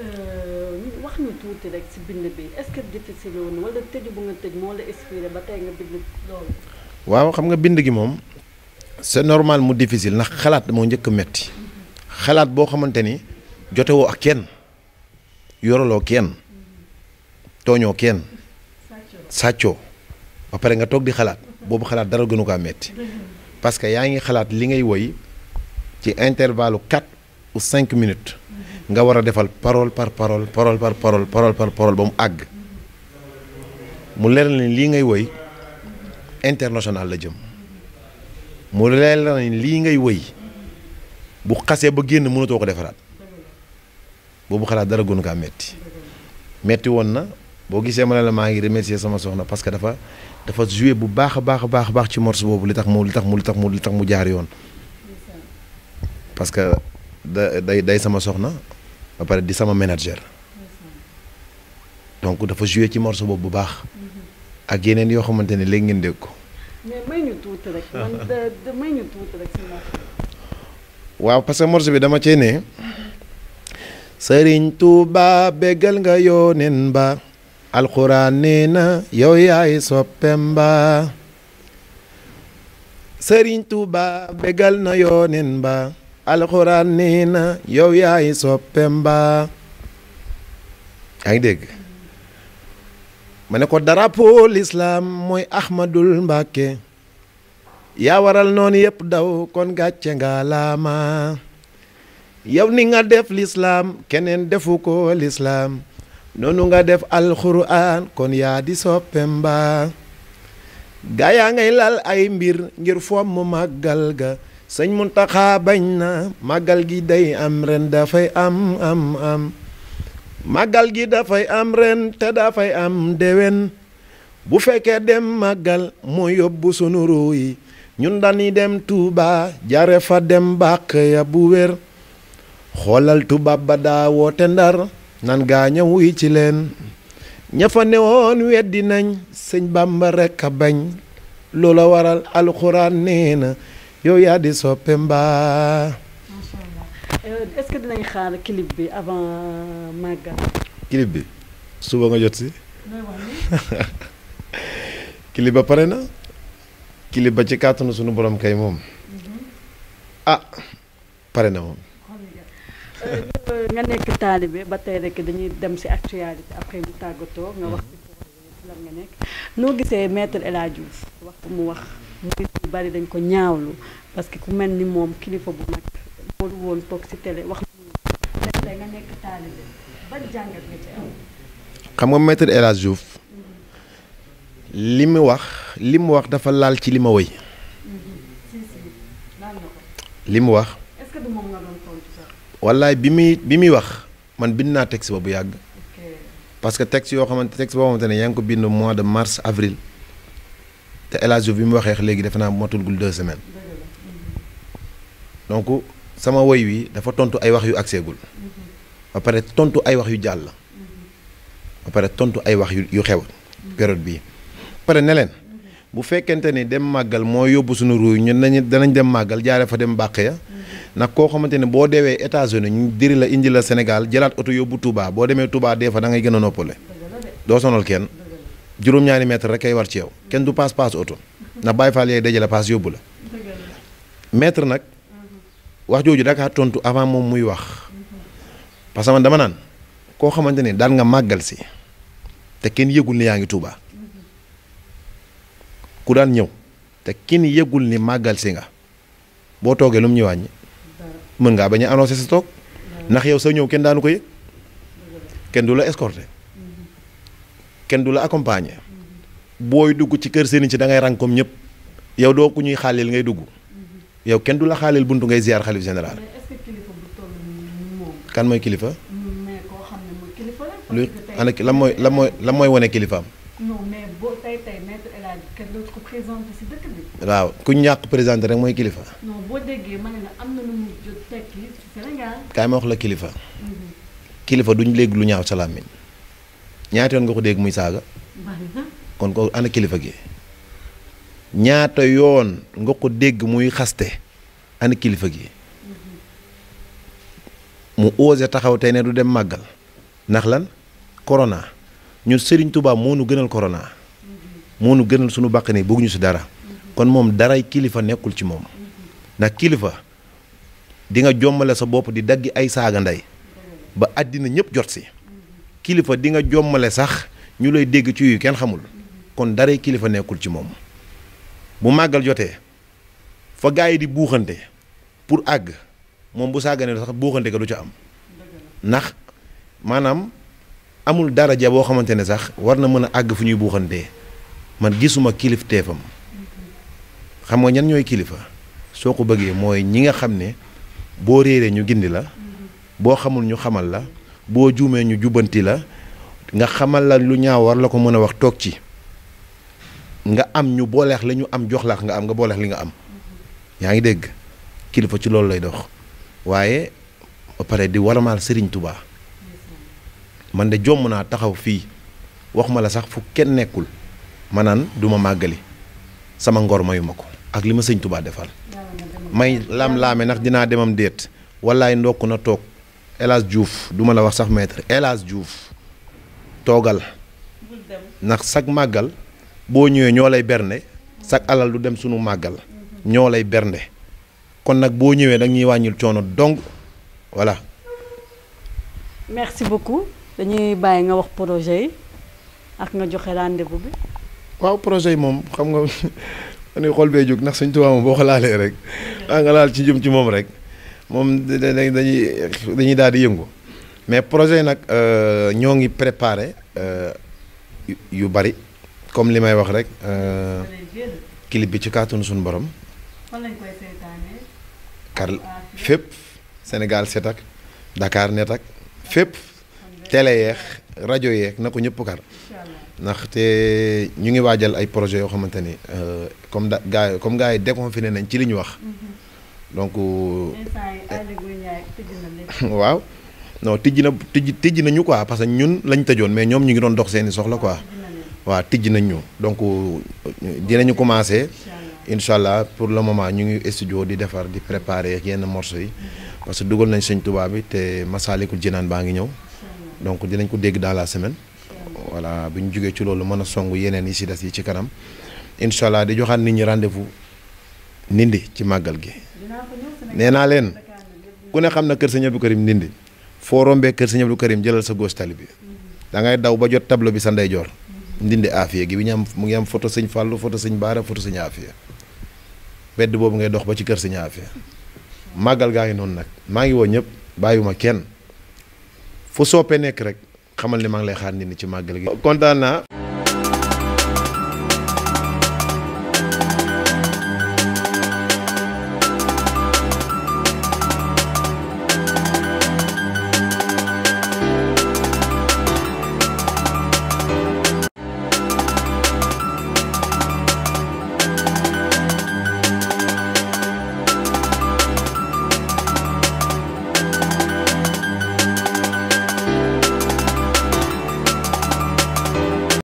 Euh, waaw xam nga bind gi moom sa normal mu difficile ndax xalaat moo njëkk a metti xalaat boo xamante ni jotewoo ak kenn yoraloo kenn tooñoo kenn sàccoo ba pare nga toog di xalaat boobu xalaat dara gënu kaa metti parce yaa ngi xalaat li ngay woy ci intervalle 4 ou 5 minutes. nga war a defal parole par parole parole par parole parole par parole ba mu àgg mu leer na lii ngay woy international la jëm mu leer na lii ngay woy bu xasee ba génn mënatoo ko defaraat boobu xalaat dara gënu kaa metti metti woon na boo gisee ma ne la maa ngi remercier sama soxna parce que dafa dafa joué bu baax a baax a baax ci morceau boobu li tax mu li tax mu li tax mu li tax mu jaar yoon parce que da day day sama soxna ba di sama manager donc dafa joué ci morceau boobu bu baax ak yeneen yoo xamante ne léegi ngeen dégg ko. mais parce que morceau bi dama cee Sëriñ Tuuba béggal nga yóoneen ba alxuraan nee na yow yaay soppem ba Sëriñ Tuuba béggal na yóoneen ba alxuraan nee yow yaay soppem ba yaa dégg ma ne ko drapeau l'islam mooy Ahmadul Mbàkke yaa waral noonu yëpp daw kon gàcce nga laama yow ni nga def l'islam keneen defu ko lislaam noonu nga def alxuraan kon yaa di soppem ba gaa yaa ngay lal ay mbir ngir fomm màggal ga sëñ Muntaxa bañ na màggal gi day am ren dafay am am am màggal gi dafay am ren te dafay am déwén bu fekkee dem màggal moo yóbbu sunu ruu yi ñun dañuy dem tuuba jare fa dem bàq ya bu wér xoolal tubaab ba daa woote ndar nan gaa ñëw yi ci leen ña fa newoon weddi nañ sëñ Bàmba rekk a bañ loola waral alxuraan nee na yow yaa di soppe mbaa. macha allah est euh, dinañ xaar clip bi avant euh, màggal. clip bi suba nga jot si. clip ba pare na. clip ba ci kàttanu sunu borom kay moom. Mm-hmm. ah pare na moom. Euh, nga nekk taalibe ba tey rek dañuy dem si actualité après mu tàggatoo nga wax noo gisee maître El Hadj Diouf wax mu wax. nit ñu bari dañ ko ñaawlu parce que ku mel ni moom kilifa bu mag nga nekk taalibe ban xam nga maître El Hadj li mu wax li mu wax dafa laal ci li ma woy li mu wax wallaay bi muy bi muy wax man bind naa texte ba bu yàgg parce que texte yoo xamante texte boo xamante ne yaa ngi ko bind mois de mars avril te El bi mu waxee léegi defe naa gul deux semaine donc sama woy wi dafa tontu ay wax yu agseegul ba pare tontu ay wax yu jàll ba pare tontu ay wax yu xew période bii pare ne leen bu fekkente ni dem màggal moo yóbbu suñu ruuy ñun nañu danañ dem màggal jaare fa dem bàq ya nag koo xamante ne boo deewee États-Unis ñu diri la indi la Sénégal jëlaat oto yóbbu Touba boo demee Touba dee fa da ngay gën a noppale doo sonal kenn juróom-ñaari mètre rek kay war ci yow kenn du paas paas oto na bàyyi faal yaay dajale paas yóbbu la mètre nag wax jooju da tontu avant moom muy wax parce que dama naan koo xamante ni daal nga màggal si te kenn yëgul ni yaa ngi Tuuba ku daan ñëw te kenn yëgul ni màggal si nga boo toogee lu mu ñu mën ngaa bañ a annoncé sa toog ndax yow sa ñëw kenn daanu ko yëg kenn du la escorté kenn du la accompagner booy dugg ci kër sëriñ ci dangay ngay rang comme ñëpp yow doo ku ñuy xaalil ngay dugg yow kenn du la xaalil buntu ngay ziar xalif général. kan kilifa. lu ana lan mooy wane kilifaam. non mais boo tey rek mooy kilifa. non kaay ma wax la kilifa. Mhm. kilifa duñ léegi lu ñaaw sa ñaata yoon nga ko dégg muy saaga kon ko ana kilifa gi ñaata yoon nga ko dégg muy xaste ana kilifa gi mu osé taxaw tey ne du dem màggal ndax lan korona ñun sëriñ Touba moo nu gënal korona moo nu gënal sunu bàq ne bëgguñu si dara kon moom daray kilifa nekkul ci moom ndax kilifa di nga jommale sa bopp di dagg ay saaga ndey ba àddina ñëpp jot si. kilifa di nga jommale sax ñu lay dégg ci yu kenn xamul kon dara kilifa nekkul ci moom bu màggal jotee fa gaa yi di buuxante pour àgg moom bu sàgganee sax buuxante ka du ca am ndax maanaam amul daraja boo xamante ne sax war na mën a àgg fu ñuy buuxantee man gisuma kilif teefam xam nga ñan ñooy kilifa soo ko bëggee mooy ñi nga xam ne boo réeree ñu gindi la boo xamul ñu xamal la boo juumee ñu jubbanti la nga xamal la lu ñaaw war la ko mën a wax toog ci nga am ñu booleex la ñu am jox laax nga am nga booleex li nga am yaa ngi dégg kilifa ci loolu lay dox waaye ba pare di waramaal sëriñ tubaa man de jomm naa taxaw fii wax ma la sax fu kenn nekkul ma naan du màggali sama ngor mayu ko ak li ma sëñ tubaa defal may laam laame ndax dinaa demam déet wallaay ndokk na toog El Hadj Diouf du la wax sax maître El Hadj toogal ndax sag màggal boo ñëwee ñoo lay bernde sag alal du dem suñu màggal ñoo lay bernde kon nag boo ñëwee da ñuy wàññil coono donc voilà. merci beaucoup dañuy bàyyi nga wax projet yi ak nga joxe rendez-vous bi. waaw projet yi moom xam nga man xool bee jóg ndax suñu tubaab moom boo ko rek. maa ah, nga laal ci jëm ci moom rek. moom dañuy dañuy daal di yëngu mais projet yi nag euh, ñoo ngi préparé euh, yu bari comme li may wax rek euh, clip bi ci kàttanu suñu borom. fan lañ kar fépp Sénégal set ak Dakar net fépp télé yeex rajo yeex na ko ñëpp kar ndaxte ñu ngi waajal ay projet yoo xamante ni comme da gaa comme gaa yi déconfiné nañ ci li ñu wax. Mm-hmm. donc. Euh, waaw non tijji na tijji tijji nañu quoi parce que ñun lañ tëjoon mais ñoom ñu ngi doon dox seeni soxla quoi. waaw tijji nañ ñu donc euh, dinañu commencer. incha allah pour le moment ñu ngi studio di defar di préparer yenn morceaux yi. parce que dugal nañ sëñ tubaab bi te Masaalikul Jinaan baa ngi ñëw. donc dinañ ko dégg dans la semaine. voilà bu ñu jógee ci loolu mën a song yeneen yi si des yi ci kanam. incha allah di joxaat nit ñi rendez-vous nindi ci màggal gi. nee naa leen ku ne xam na kër sëñ Abdou Karim ndindi foo rombee kër sëñ Abdou Karim jëlal sa gauche tali bi dangay daw ba jot tableau bi sa ndeyjoor ndindi aafiya gi bi ñu am mu ngi am photo sëñ Fallou photo sëñ Baara photo sëñ aafiya bedd boobu ngay dox ba ci kër sëñ aafiya màggal gaa ngi noonu nag maa ngi woo ñëpp bàyyiwuma kenn fu soppee nekk rek xamal ni maa ngi lay xaar ndindi ci màggal gi kontaan